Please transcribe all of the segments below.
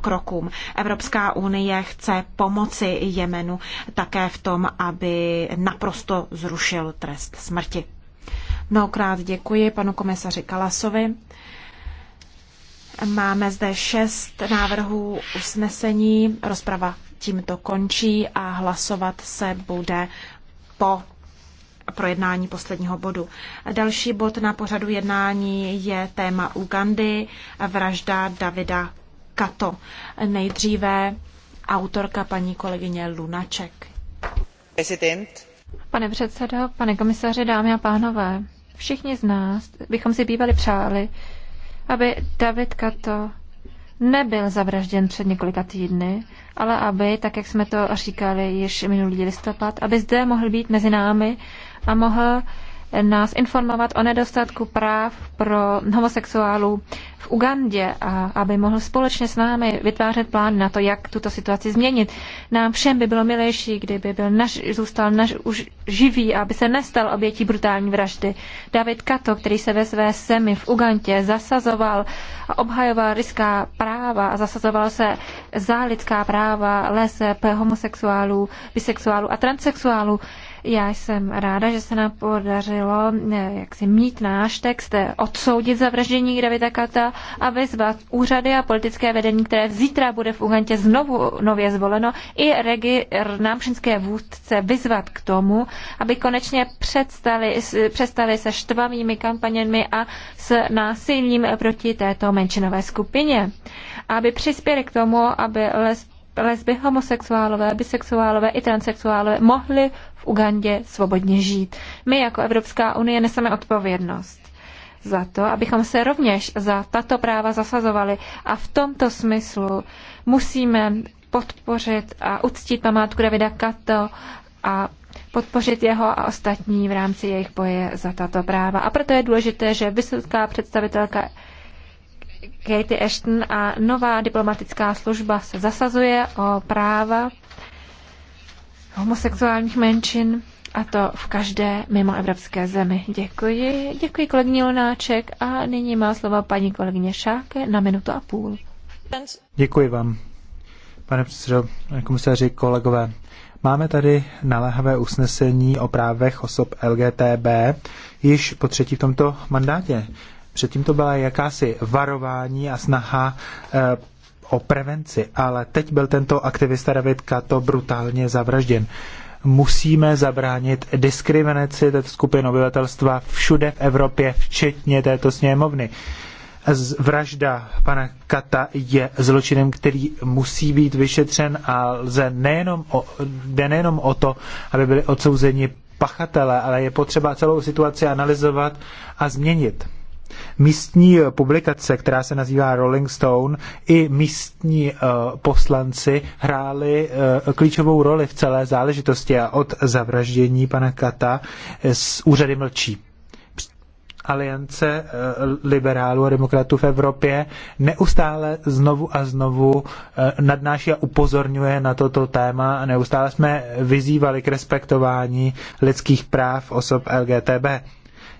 krokům. Evropská unie chce pomoci Jemenu také v tom, aby naprosto zrušil trest smrti. Mnohokrát děkuji panu komisaři Kalasovi. Máme zde šest návrhů usnesení. Rozprava tímto končí a hlasovat se bude po projednání posledního bodu. Další bod na pořadu jednání je téma Ugandy, vražda Davida Kato. Nejdříve autorka paní kolegyně Lunaček. President. Pane předsedo, pane komisaře, dámy a pánové, všichni z nás bychom si bývali přáli, aby David Kato nebyl zavražděn před několika týdny, ale aby, tak jak jsme to říkali již minulý listopad, aby zde mohl být mezi námi a mohl nás informovat o nedostatku práv pro homosexuálů v Ugandě a aby mohl společně s námi vytvářet plán na to, jak tuto situaci změnit. Nám všem by bylo milejší, kdyby byl naš, zůstal naš, už živý a aby se nestal obětí brutální vraždy. David Kato, který se ve své semi v Ugandě zasazoval a obhajoval lidská práva a zasazoval se za lidská práva lese, homosexuálů, bisexuálů a transexuálů. Já jsem ráda, že se nám podařilo eh, jak si mít náš text, eh, odsoudit zavraždění Davida Kata a vyzvat úřady a politické vedení, které zítra bude v Ugantě znovu nově zvoleno, i regi námšinské vůdce vyzvat k tomu, aby konečně přestali, přestali se štvavými kampaněmi a s násilím proti této menšinové skupině. Aby přispěli k tomu, aby les lesby, homosexuálové, bisexuálové i transexuálové mohli Ugandě svobodně žít. My jako Evropská unie neseme odpovědnost za to, abychom se rovněž za tato práva zasazovali a v tomto smyslu musíme podpořit a uctít památku Davida Kato a podpořit jeho a ostatní v rámci jejich boje za tato práva. A proto je důležité, že vysoká představitelka Katie Ashton a nová diplomatická služba se zasazuje o práva homosexuálních menšin a to v každé mimo evropské zemi. Děkuji, děkuji kolegyně Lunáček a nyní má slova paní kolegyně Šáke na minutu a půl. Děkuji vám, pane předsedo, komisaři, kolegové. Máme tady naléhavé usnesení o právech osob LGTB již po třetí v tomto mandátě. Předtím to byla jakási varování a snaha eh, o prevenci, ale teď byl tento aktivista David Kato brutálně zavražděn. Musíme zabránit diskriminaci této skupiny obyvatelstva všude v Evropě, včetně této sněmovny. Vražda pana Kata je zločinem, který musí být vyšetřen a lze nejenom o, jde nejenom o to, aby byli odsouzeni pachatele, ale je potřeba celou situaci analyzovat a změnit. Místní eh, publikace, která se nazývá Rolling Stone, i místní eh, poslanci hráli eh, klíčovou roli v celé záležitosti a od zavraždění pana Kata z úřady mlčí. Aliance liberálů a demokratů v Evropě neustále znovu a znovu nadnáší a upozorňuje na toto téma. a Neustále jsme vyzývali k respektování lidských práv osob LGTB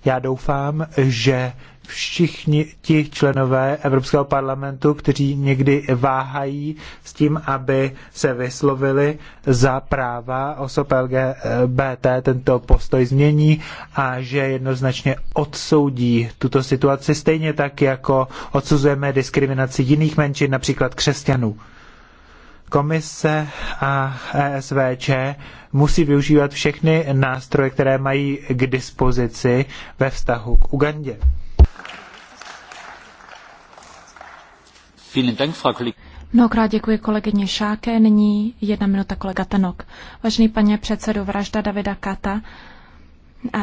já doufám, že všichni ti členové Evropského parlamentu, kteří někdy váhají s tím, aby se vyslovili za práva osob LGBT, tento postoj změní a že jednoznačně odsoudí tuto situaci stejně tak, jako odsuzujeme diskriminaci jiných menšin, například křesťanů. Komise a ESVČ musí využívat všechny nástroje, které mají k dispozici ve vztahu k Ugandě. Mnohokrát děkuji kolegyně Šáke, nyní jedna minuta kolega Tenok. Vážený pane předsedo, vražda Davida Kata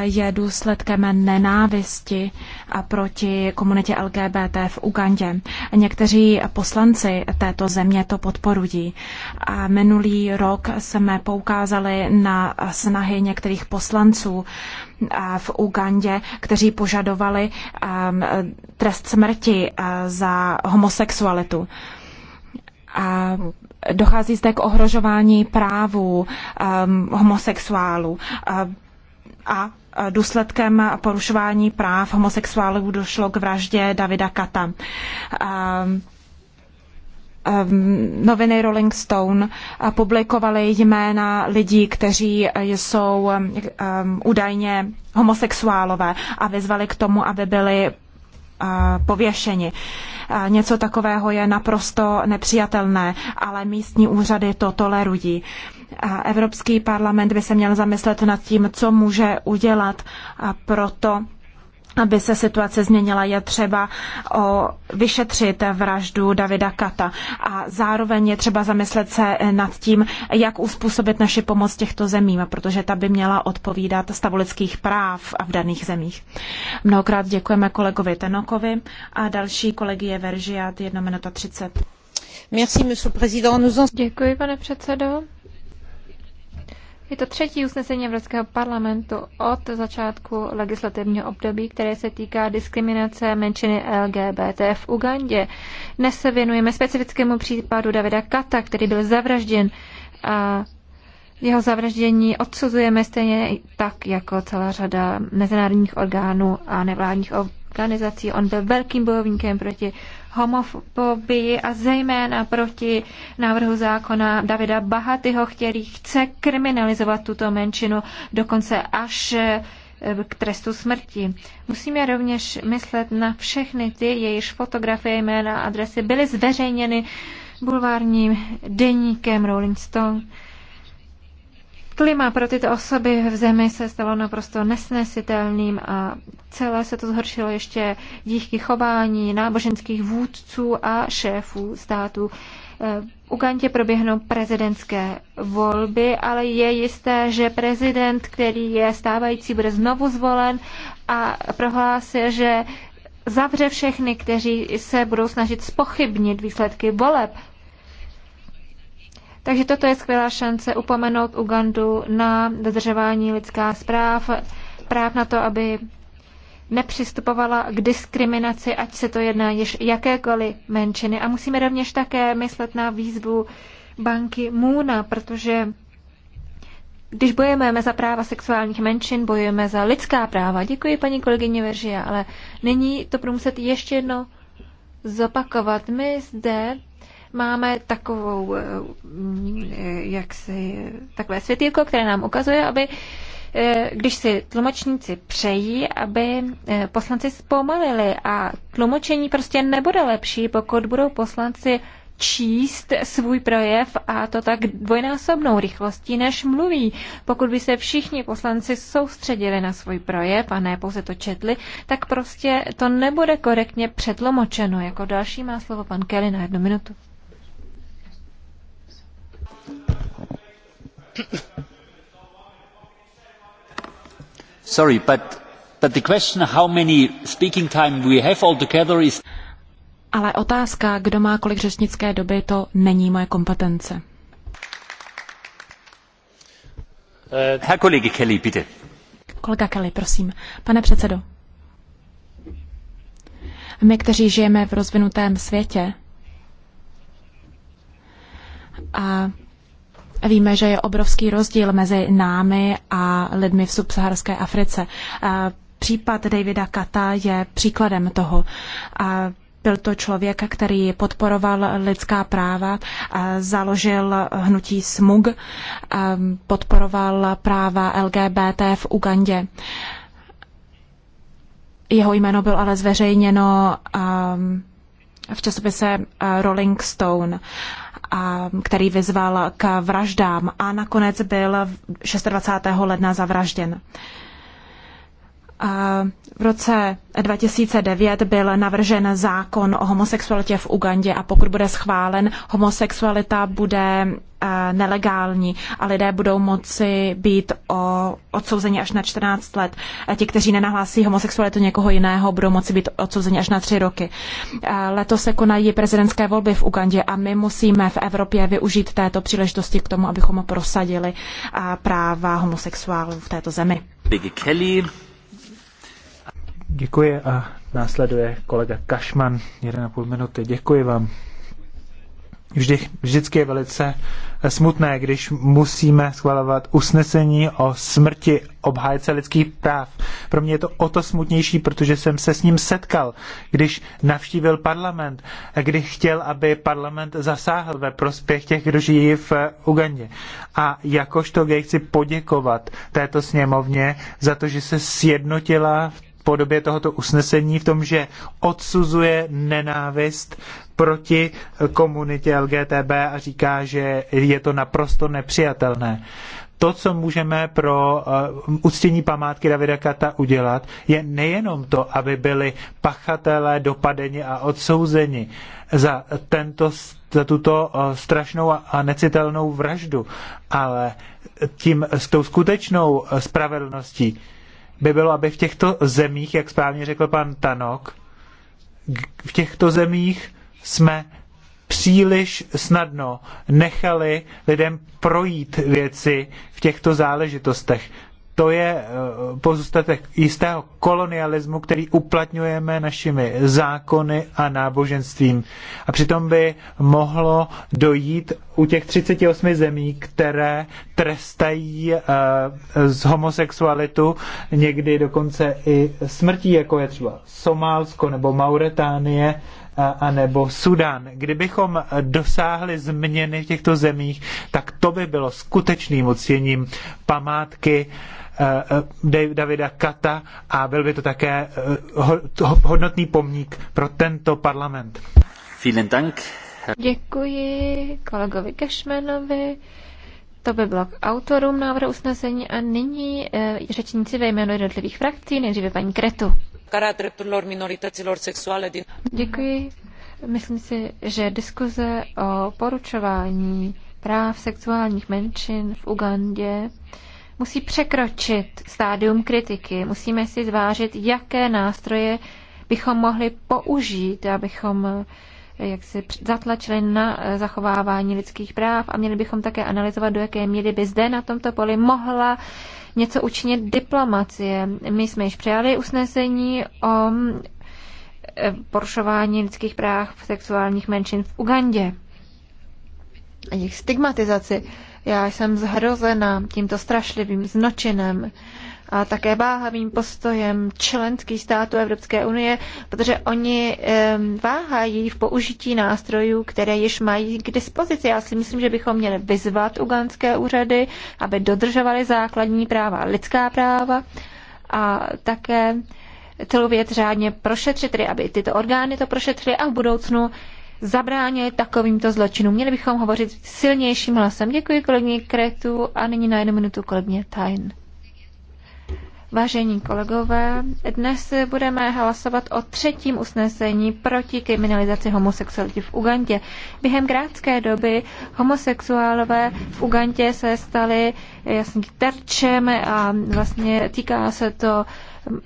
je důsledkem nenávisti proti komunitě LGBT v Ugandě. Někteří poslanci této země to podporují. A minulý rok jsme poukázali na snahy některých poslanců v Ugandě, kteří požadovali um, trest smrti uh, za homosexualitu. A dochází zde k ohrožování právů um, homosexuálů. Uh, a důsledkem porušování práv homosexuálů došlo k vraždě Davida Kata. Noviny Rolling Stone publikovaly jména lidí, kteří jsou údajně homosexuálové a vyzvali k tomu, aby byli pověšeni. Něco takového je naprosto nepřijatelné, ale místní úřady to tolerují. A Evropský parlament by se měl zamyslet nad tím, co může udělat a proto, aby se situace změnila, je třeba o vyšetřit vraždu Davida Kata a zároveň je třeba zamyslet se nad tím, jak uspůsobit naši pomoc těchto zemím, protože ta by měla odpovídat stavu lidských práv v daných zemích. Mnohokrát děkujeme kolegovi Tenokovi a další kolegy je Veržiat 1 minuta 30. Děkuji, pane předsedo. Je to třetí usnesení Evropského parlamentu od začátku legislativního období, které se týká diskriminace menšiny LGBT v Ugandě. Dnes se věnujeme specifickému případu Davida Kata, který byl zavražděn a jeho zavraždění odsuzujeme stejně tak jako celá řada mezinárodních orgánů a nevládních organizací. On byl velkým bojovníkem proti homofobii a zejména proti návrhu zákona Davida Bahatyho, který chce kriminalizovat tuto menšinu dokonce až eh, k trestu smrti. Musíme rovněž myslet na všechny ty, jejichž fotografie, jména a adresy byly zveřejněny bulvárním deníkem Rolling Stone. Klima pro tyto osoby v zemi se stalo naprosto nesnesitelným a celé se to zhoršilo ještě díky chování náboženských vůdců a šéfů států. Eh, v Ugandě proběhnou prezidentské volby, ale je jisté, že prezident, který je stávající, bude znovu zvolen a prohlásil, že zavře všechny, kteří se budou snažit spochybnit výsledky voleb. Takže toto je skvělá šance upomenout Ugandu na dodržování lidská zpráv, práv na to, aby nepřistupovala k diskriminaci, ať se to jedná již jakékoliv menšiny. A musíme rovněž také myslet na výzvu banky Muna, protože když bojujeme za práva sexuálních menšin, bojujeme za lidská práva. Děkuji paní kolegyně Veržia, ale nyní to budu muset ještě jedno zopakovat. My zde máme takovou, eh, eh, jak si, takové světýlko, které nám ukazuje, aby eh, když si tlumočníci přejí, aby poslanci zpomalili a tlumočení prostě nebude lepší, pokud budou poslanci číst svůj projev a to tak dvojnásobnou rychlostí, než mluví. Pokud by se všichni poslanci soustředili na svůj projev a ne pouze to četli, tak prostě to nebude korektně přetlomočeno. Jako další má slovo pan Kelly na jednu minutu. Sorry, Ale otázka, kdo má kolik řečnické doby, to není moje kompetence. Eh, Herr Kollege Kelly, bitte. Kolega Kelly, prosím. Pane předsedo. My, kteří žijeme v rozvinutém světě, a Víme, že je obrovský rozdíl mezi námi a lidmi v subsaharské Africe. Případ Davida Kata je příkladem toho. Byl to člověk, který podporoval lidská práva, založil hnutí SMUG, podporoval práva LGBT v Ugandě. Jeho jméno bylo ale zveřejněno v časopise Rolling Stone který vyzval k vraždám a nakonec byl 26. ledna zavražděn. V roce 2009 byl navržen zákon o homosexualitě v Ugandě a pokud bude schválen, homosexualita bude Eh, nelegální a lidé budou moci být o, odsouzeni až na 14 let. A eh, ti, kteří nenahlásí homosexualitu někoho jiného, budou moci být odsouzeni až na 3 roky. A eh, letos se konají prezidentské volby v Ugandě a my musíme v Evropě využít této příležitosti k tomu, abychom prosadili práva homosexuálů v této zemi. Děkuji a následuje kolega Kašman, 1,5 minuty. Děkuji vám vždy, vždycky je velice eh, smutné, když musíme schvalovat usnesení o smrti obhájce lidských práv. Pro mě je to o to smutnější, protože jsem se s ním setkal, když navštívil parlament, eh, kdy chtěl, aby parlament zasáhl ve prospěch těch, kdo žijí v eh, Ugandě. A jakožto gej chci poděkovat této sněmovně za to, že se sjednotila v podobě tohoto usnesení v tom, že odsuzuje nenávist proti komunitě LGTB a říká, že je to naprosto nepřijatelné. To, co můžeme pro uh, uctění památky Davida Kata udělat, je nejenom to, aby byli pachatelé dopadeni a odsouzeni za, tento, za tuto uh, strašnou a necitelnou vraždu, ale tím s tou skutečnou eh, spravedlností by bylo, aby v těchto zemích, jak správně řekl pan Tanok, v těchto zemích jsme příliš snadno nechali lidem projít věci v těchto záležitostech. To je eh, pozůstatek jistého kolonialismu, který uplatňujeme našimi zákony a náboženstvím. A přitom by mohlo dojít u těch 38 zemí, které trestají eh, z homosexualitu někdy dokonce i smrtí, jako je třeba Somálsko nebo Mauretánie, anebo Sudan. Kdybychom dosáhli změny v těchto zemích, tak to by bylo skutečným oceněním památky eh, eh, Davida Kata a byl by to také eh, hodnotný pomník pro tento parlament. Vielen Dank. Děkuji kolegovi Kešmenovi. To by bylo k autorům návrhu usnesení a nyní řečníci ve jménu jednotlivých frakcí, nejdříve paní Kretu a drepturilor minorităților sexuale din... Děkuji. Myslím si, že diskuze o poručování práv sexuálních menšin v Ugandě musí překročit stádium kritiky. Musíme si zvážit, jaké nástroje bychom mohli použít, abychom eh, jak si zatlačili na eh, zachovávání lidských práv a měli bychom také analyzovat, do jaké míry by zde na tomto poli mohla něco učinit diplomacie. My jsme již přijali usnesení o e, porušování lidských práv sexuálních menšin v Ugandě a jejich stigmatizaci. Já jsem zhrozena tímto strašlivým zločinem a také váhavým postojem členských států Evropské unie, protože oni váhají v použití nástrojů, které již mají k dispozici. Já si myslím, že bychom měli vyzvat uganské úřady, aby dodržovaly základní práva, lidská práva a také celou věc řádně prošetřit, tedy aby tyto orgány to prošetřily a v budoucnu zabránili takovýmto zločinům. Měli bychom hovořit silnějším hlasem. Děkuji kolegyni Kretu a nyní na jednu minutu kolegyně Tajn. Vážení kolegové, dnes budeme hlasovat o třetím usnesení proti kriminalizaci homosexuality v Ugandě. Během krátké doby homosexuálové v Ugandě se stali jasně terčem a vlastně týká se to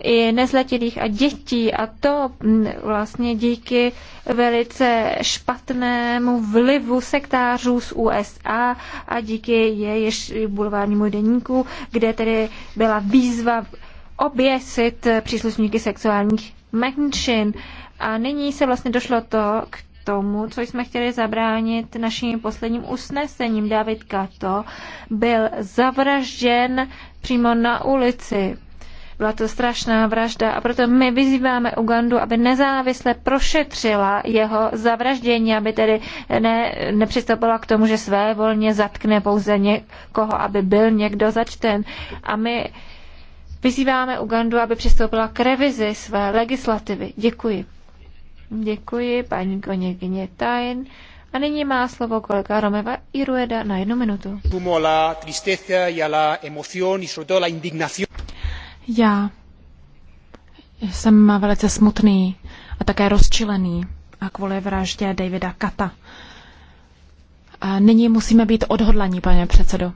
i nezletilých a dětí a to mm, vlastně díky velice špatnému vlivu sektářů z USA a díky jejich bulvárnímu deníku, kde tedy byla výzva oběsit příslušníky sexuálních menšin. A nyní se vlastně došlo to k tomu, co jsme chtěli zabránit naším posledním usnesením. David Kato byl zavražděn přímo na ulici. Byla to strašná vražda a proto my vyzýváme Ugandu, aby nezávisle prošetřila jeho zavraždění, aby tedy ne, nepřistoupila k tomu, že své volně zatkne pouze někoho, aby byl někdo začten. A my vyzýváme Ugandu, aby přistoupila k revizi své legislativy. Děkuji. Děkuji, paní koněkyně Tajn. A nyní má slovo kolega Romeva Irueda na jednu minutu. Já jsem velice smutný a také rozčilený a kvůli vraždě Davida Kata. A nyní musíme být odhodlaní, pane předsedo.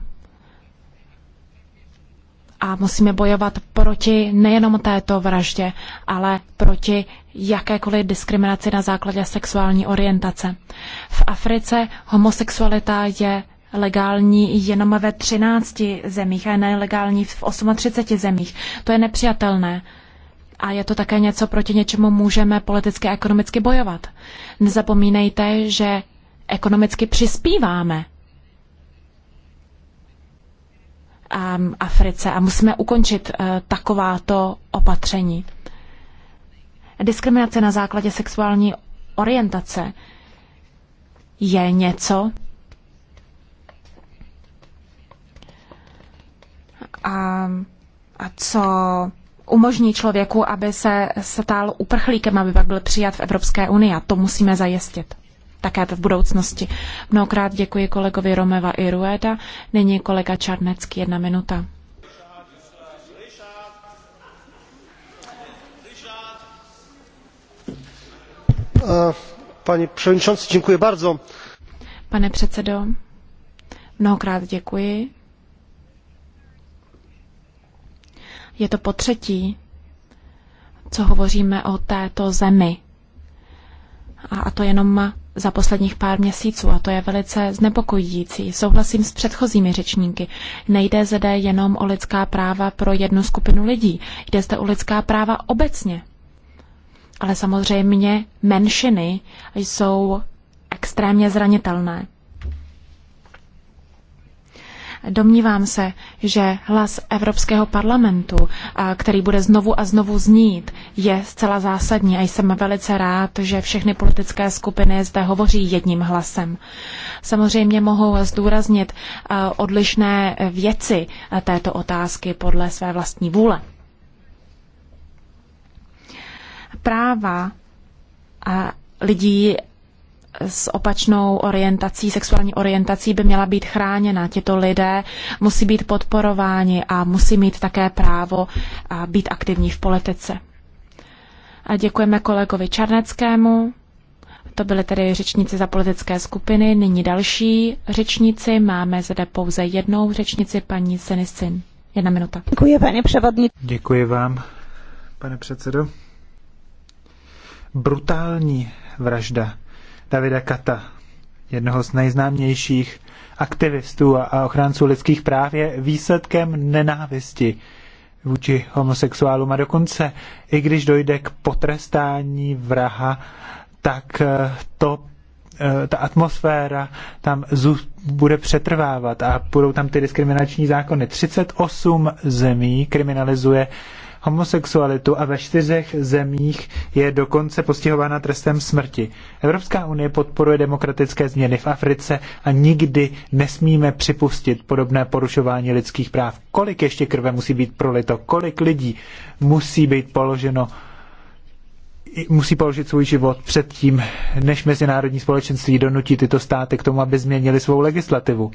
A musíme bojovat proti nejenom této vraždě, ale proti jakékoliv diskriminaci na základě sexuální orientace. V Africe homosexualita je legální jenom ve 13 zemích a nelegální v 38 zemích. To je nepřijatelné. A je to také něco, proti něčemu můžeme politicky a ekonomicky bojovat. Nezapomínejte, že ekonomicky přispíváme um, Africe a musíme ukončit uh, takováto opatření. Diskriminace na základě sexuální orientace je něco, a, a co umožní člověku, aby se stál uprchlíkem, aby pak byl přijat v Evropské unii. A to musíme zajistit také v budoucnosti. Mnohokrát děkuji kolegovi Romeva i Rueda. Nyní kolega Čarnecký, jedna minuta. E, Pane předsedající, děkuji bardzo. Pane předsedo, mnohokrát děkuji. Je to po třetí, co hovoříme o této zemi. A, to jenom za posledních pár měsíců a to je velice znepokojící. Souhlasím s předchozími řečníky. Nejde zde jenom o lidská práva pro jednu skupinu lidí, jde zde o lidská práva obecně. Ale samozřejmě menšiny jsou extrémně zranitelné. Domnívám se, že hlas Evropského parlamentu, který bude znovu a znovu znít, je zcela zásadní a jsem velice rád, že všechny politické skupiny zde hovoří jedním hlasem. Samozřejmě mohou zdůraznit odlišné věci této otázky podle své vlastní vůle. Práva a lidí s opačnou orientací, sexuální orientací by měla být chráněna. Tito lidé musí být podporováni a musí mít také právo být aktivní v politice. A děkujeme kolegovi Čarneckému. To byly tedy řečníci za politické skupiny. Nyní další řečníci. Máme zde pouze jednou řečnici, paní Senisin. Jedna minuta. Děkuji, pane převodní. Děkuji vám, pane předsedo. Brutální vražda Davida Kata, jednoho z nejznámějších aktivistů a ochránců lidských práv, je výsledkem nenávisti vůči homosexuálům. A dokonce, i když dojde k potrestání vraha, tak eh, to eh, ta atmosféra tam bude přetrvávat a budou tam ty diskriminační zákony. 38 zemí kriminalizuje homosexualitu a ve čtyřech zemích je dokonce postihována trestem smrti. Evropská unie podporuje demokratické změny v Africe a nikdy nesmíme připustit podobné porušování lidských práv. Kolik ještě krve musí být prolito, kolik lidí musí být položeno musí položit svůj život před tím, než mezinárodní společenství donutí tyto státy k tomu, aby změnili svou legislativu.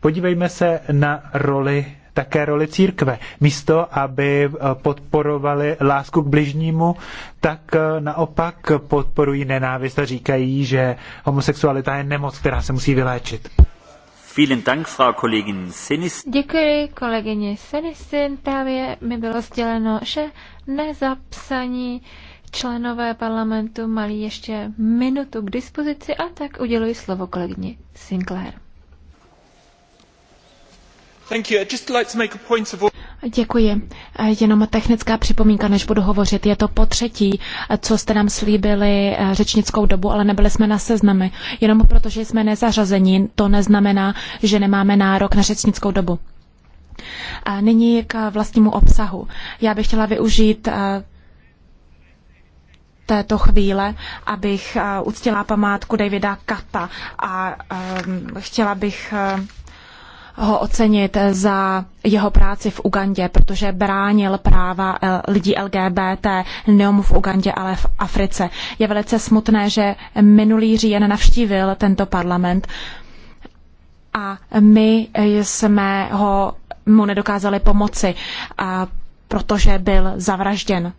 Podívejme se na roli také roli církve. Místo, aby eh, podporovali lásku k bližnímu, tak eh, naopak podporují nenávist a říkají, že homosexualita je nemoc, která se musí vyléčit. Děkuji kolegyně Senisin. Právě mi bylo sděleno, že nezapsaní členové parlamentu mali ještě minutu k dispozici a tak uděluji slovo kolegyni Sinclair. Děkuji. Jenom technická připomínka, než budu hovořit. Je to po třetí, co jste nám slíbili eh, řečnickou dobu, ale nebyli jsme na seznamy. Jenom protože jsme nezařazeni, to neznamená, že nemáme nárok na řečnickou dobu. A nyní k vlastnímu obsahu. Já bych chtěla využít eh, této chvíle, abych eh, uctila památku Davida Kata a ehm, chtěla bych ho ocenit za jeho práci v Ugandě, protože bránil práva eh, lidí LGBT nejenom v Ugandě, ale v Africe. Je velice smutné, že minulý říjen navštívil tento parlament a my jsme ho, mu nedokázali pomoci, a protože byl zavražděn.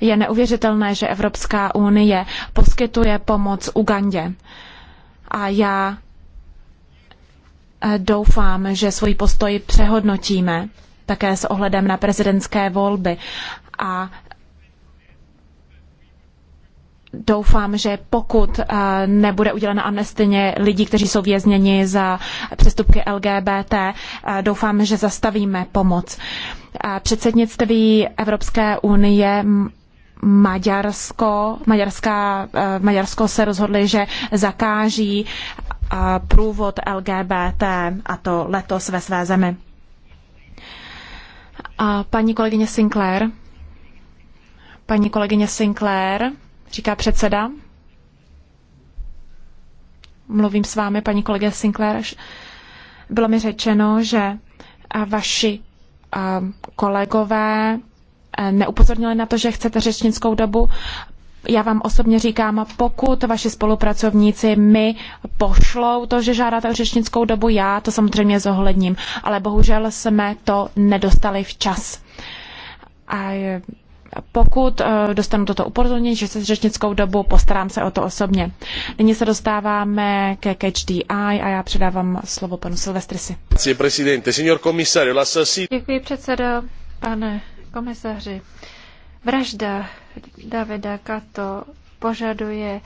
Je neuvěřitelné, že Evropská unie poskytuje pomoc Ugandě. A já Doufám, že svůj postoj přehodnotíme také s ohledem na prezidentské volby a doufám, že pokud eh, nebude udělena amnestině lidí, kteří jsou vězněni za přestupky LGBT, eh, doufám, že zastavíme pomoc. Předsednictví Evropské unie Maďarsko, Maďarská, eh, Maďarsko se rozhodli, že zakáží průvod LGBT a to letos ve své zemi. A paní kolegyně Sinclair. Paní kolegyně Sinclair, říká předseda. Mluvím s vámi, paní kolegyně Sinclair. Bylo mi řečeno, že vaši kolegové e, neupozornili na to, že chcete řečnickou dobu. Já vám osobně říkám, pokud vaši spolupracovníci mi pošlou to, že žádáte o řečnickou dobu, já to samozřejmě zohledním, ale bohužel jsme to nedostali včas. A pokud eh, dostanu toto upozornění, že se s řečnickou dobu, postarám se o to osobně. Nyní se dostáváme ke Catch a já předávám slovo panu Silvestrisi. Děkuji předsedo, pane komisaři. Vražda Davida Kato požaduje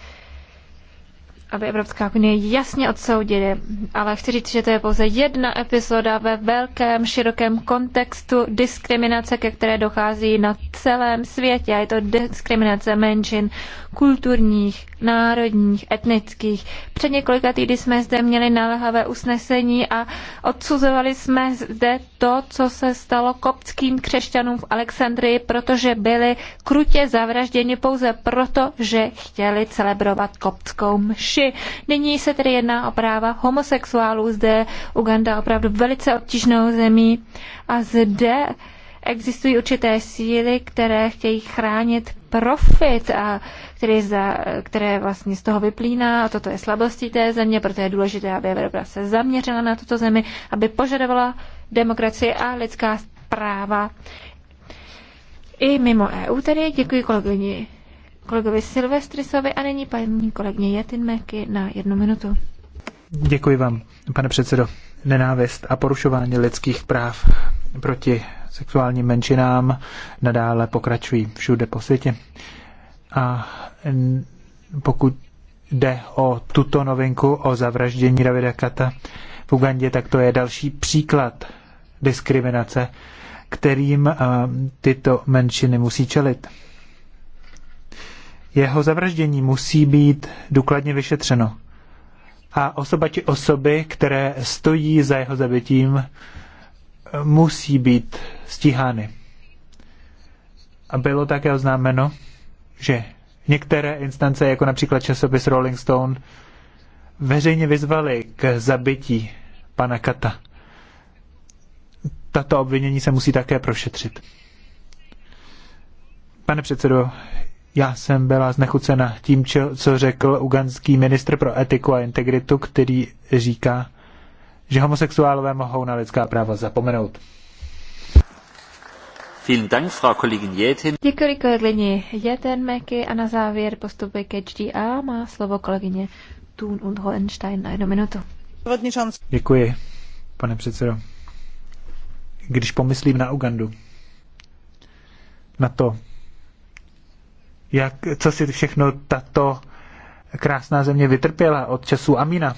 aby Evropská unie jasně odsoudili, ale chci říct, že to je pouze jedna epizoda ve velkém, širokém kontextu diskriminace, ke které dochází na celém světě. A je to diskriminace menšin kulturních, národních, etnických. Před několika týdy jsme zde měli naléhavé usnesení a odsuzovali jsme zde to, co se stalo koptským křesťanům v Alexandrii, protože byli krutě zavražděni pouze proto, že chtěli celebrovat koptskou mši muži. Nyní se tedy jedná o práva homosexuálů. Zde Uganda opravdu velice obtížnou zemí a zde existují určité síly, které chtějí chránit profit, a který za, které vlastně z toho vyplýná. A toto je slabostí té země, proto je důležité, aby Evropa se zaměřila na tuto zemi, aby požadovala demokracii a lidská práva i mimo EU. Tedy děkuji kolegyni kolegovi Silvestrisovi a nyní paní kolegyně Meky na jednu minutu. Děkuji vám, pane předsedo. Nenávist a porušování lidských práv proti sexuálním menšinám nadále pokračují všude po světě. A pokud jde o tuto novinku, o zavraždění Davida Kata v Ugandě, tak to je další příklad diskriminace, kterým tyto menšiny musí čelit. Jeho zavraždění musí být důkladně vyšetřeno. A osoba či osoby, které stojí za jeho zabitím, musí být stíhány. A bylo také oznámeno, že některé instance, jako například časopis Rolling Stone, veřejně vyzvali k zabití pana Kata. Tato obvinění se musí také prošetřit. Pane předsedo, já jsem byla znechucena tím, co řekl uganský ministr pro etiku a integritu, který říká, že homosexuálové mohou na lidská práva zapomenout. Děkuji kolegyni Meky a na závěr postupy ke HDA má slovo kolegyně Thun und Hohenstein na jednu minutu. Děkuji, pane předsedo. Když pomyslím na Ugandu, na to, jak, co si všechno tato krásná země vytrpěla od času Amina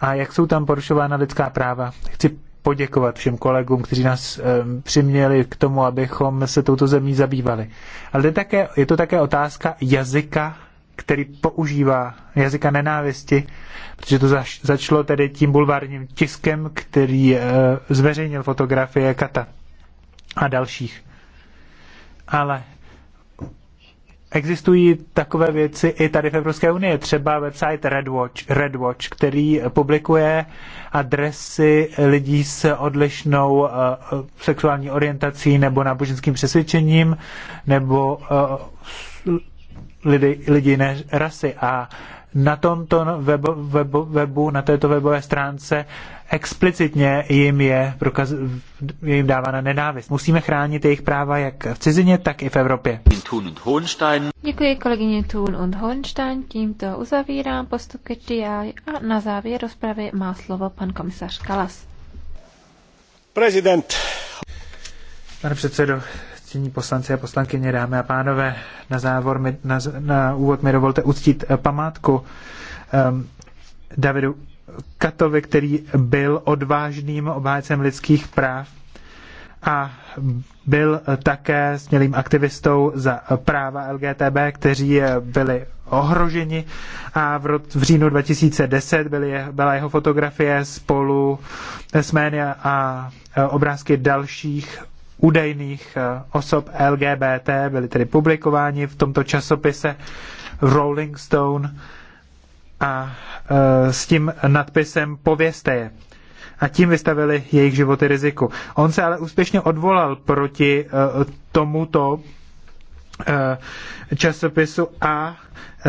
a jak jsou tam porušována lidská práva. Chci poděkovat všem kolegům, kteří nás um, přiměli k tomu, abychom se touto zemí zabývali. Ale je, také, je to také otázka jazyka, který používá jazyka nenávisti, protože to zač, začalo tedy tím bulvárním tiskem, který uh, zveřejnil fotografie Kata a dalších. Ale existují takové věci i tady v Evropské unii, třeba website Redwatch, Redwatch který publikuje adresy lidí s odlišnou eh, eh, sexuální orientací nebo náboženským přesvědčením nebo eh, lidi, lidi jiné rasy. A na tomto webu, webu, webu na této webové stránce explicitně jim je, prokaz, je jim dávána nenávist. Musíme chránit jejich práva jak v cizině, tak i v Evropě. Děkuji kolegyně Thun und Hohenstein. Tímto uzavírám postup KTI a na závěr rozpravy má slovo pan komisař Kalas. Prezident. Pane předsedo, ctění poslanci a poslankyně, dámy a pánové, na, závor mi, na, na úvod mi dovolte uctít eh, památku um, Davidu Katovi, který byl odvážným obhájcem lidských práv a byl eh, také smělým aktivistou za eh, práva LGTB, kteří byli ohroženi a v, rok, v říjnu 2010 byly, byla jeho fotografie spolu s a obrázky dalších údajných eh, osob LGBT, byly tedy publikováni v tomto časopise Rolling Stone a eh, s tím nadpisem Pověste je. A tím vystavili jejich životy riziku. On se ale úspěšně odvolal proti eh, tomuto Eh, časopisu a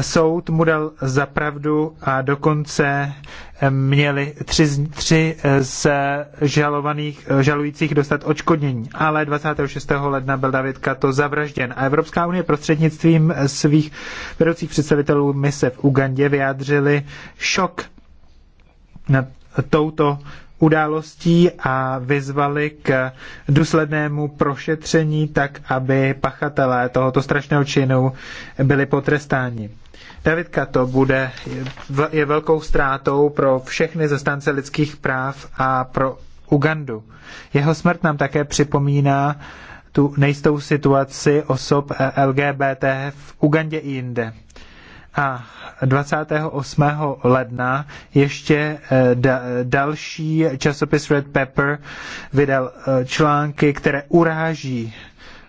soud mu dal za pravdu a dokonce eh, měli tři, tři z eh, žalovaných, žalujících dostat očkodnění. Ale 26. ledna byl David Kato zavražděn a Evropská unie prostřednictvím svých vedoucích představitelů mise v Ugandě vyjádřili šok nad touto událostí a vyzvali k důslednému prošetření tak, aby pachatelé tohoto strašného činu byli potrestáni. David Kato bude, je velkou ztrátou pro všechny zastánce lidských práv a pro Ugandu. Jeho smrt nám také připomíná tu nejistou situaci osob LGBT v Ugandě i jinde a 28. ledna ještě eh, další časopis Red Pepper vydal eh, články, které uráží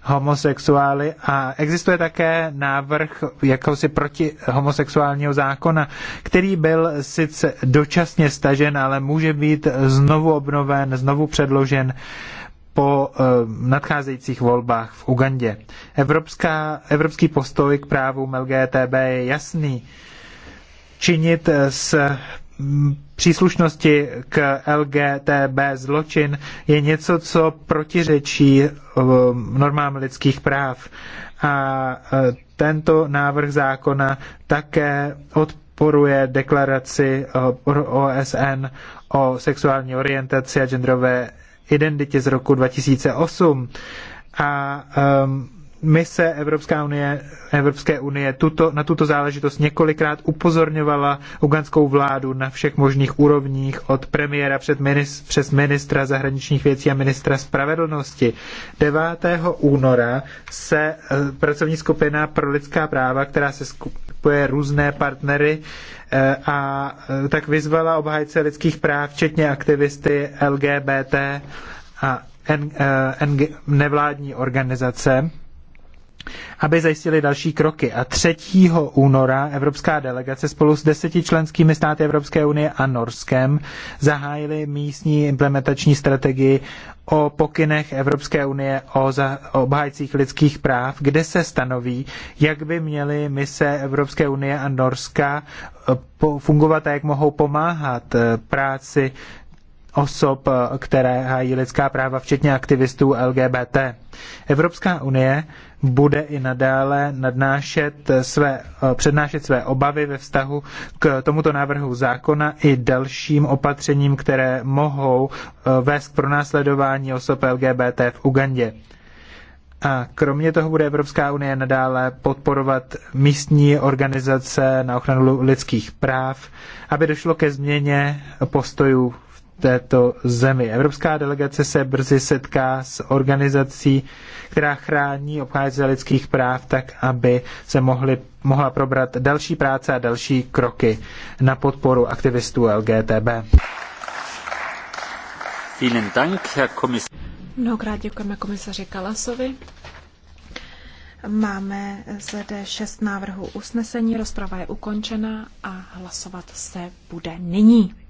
homosexuály a existuje také návrh jakousi proti homosexuálního zákona, který byl sice dočasně stažen, ale může být znovu obnoven, znovu předložen po eh, nadcházejících volbách v Ugandě. Evropská, evropský postoj k právům LGTB je jasný. Činit eh, s mm, příslušnosti k LGTB zločin je něco, co protiřečí eh, normám lidských práv. A tento návrh zákona také odporuje deklaraci OSN o sexuální orientaci a genderové identitě z roku 2008. A um, mise Evropská unie, Evropské unie tuto, na tuto záležitost několikrát upozorňovala uganskou vládu na všech možných úrovních, od premiéra před přes ministra zahraničních věcí a ministra spravedlnosti. 9. února se eh, pracovní skupina pro lidská práva, která se skupuje různé partnery, eh, a eh, tak vyzvala obhájce lidských práv, včetně aktivisty LGBT a nevládní organizace, aby zajistili další kroky. A 3. února evropská delegace spolu s deseti členskými státy Evropské unie a Norskem zahájili místní implementační strategii o pokynech Evropské unie o obhájcích lidských práv, kde se stanoví, jak by měly mise Evropské unie a Norska eh, fungovat a jak mohou pomáhat eh, práci osob, eh, které hájí lidská práva, včetně aktivistů LGBT. Evropská unie bude i nadále nadnášet své, eh, přednášet své obavy ve vztahu k tomuto návrhu zákona i dalším opatřením, které mohou eh, vést k pronásledování osob LGBT v Ugandě. A kromě toho bude Evropská unie nadále podporovat místní organizace na ochranu lidských práv, aby došlo ke změně postojů této zemi. Evropská delegace se brzy setká s organizací, která chrání obchází lidských práv, tak aby se mohly, mohla probrat další práce a další kroky na podporu aktivistů LGTB. Vielen Dank, Herr Kommissar. Mnohokrát děkujeme komisaři Kalasovi. Máme zde šest návrhů usnesení, rozprava je ukončena a hlasovat se bude nyní.